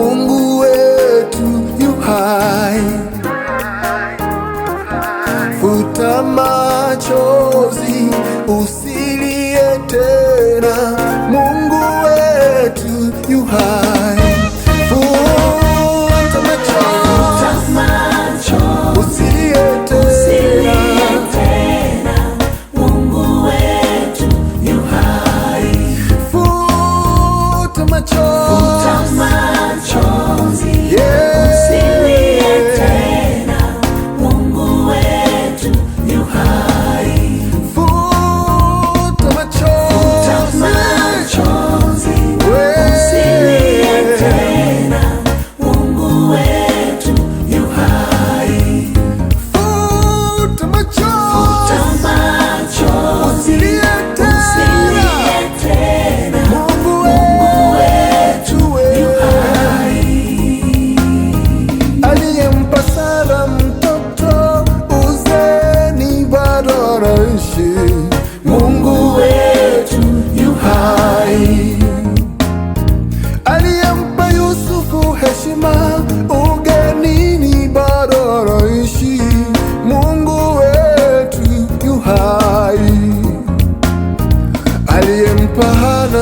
mundo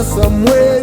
somewhere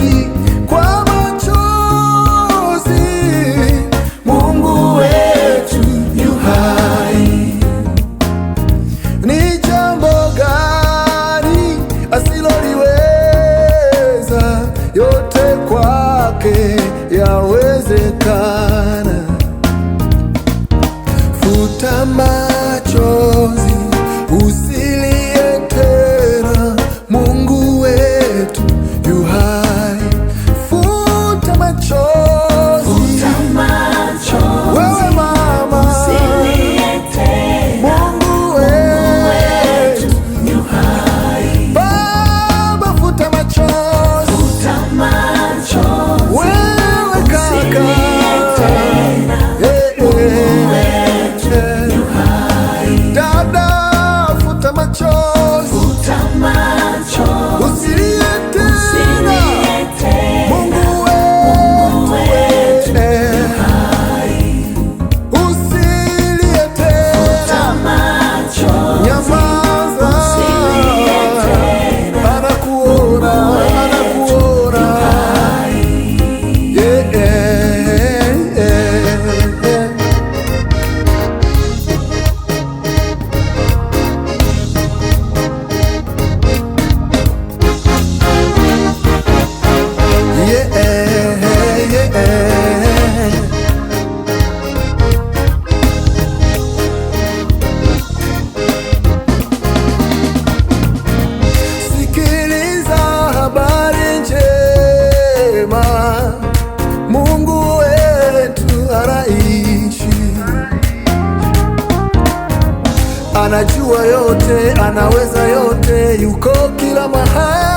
anajua yote, anaweza yote, yuko kila mahali.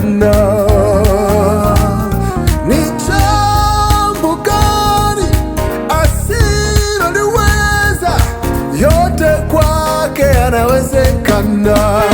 sana. Ni jambo gani asiloliweza? Yote kwake yanawezekana.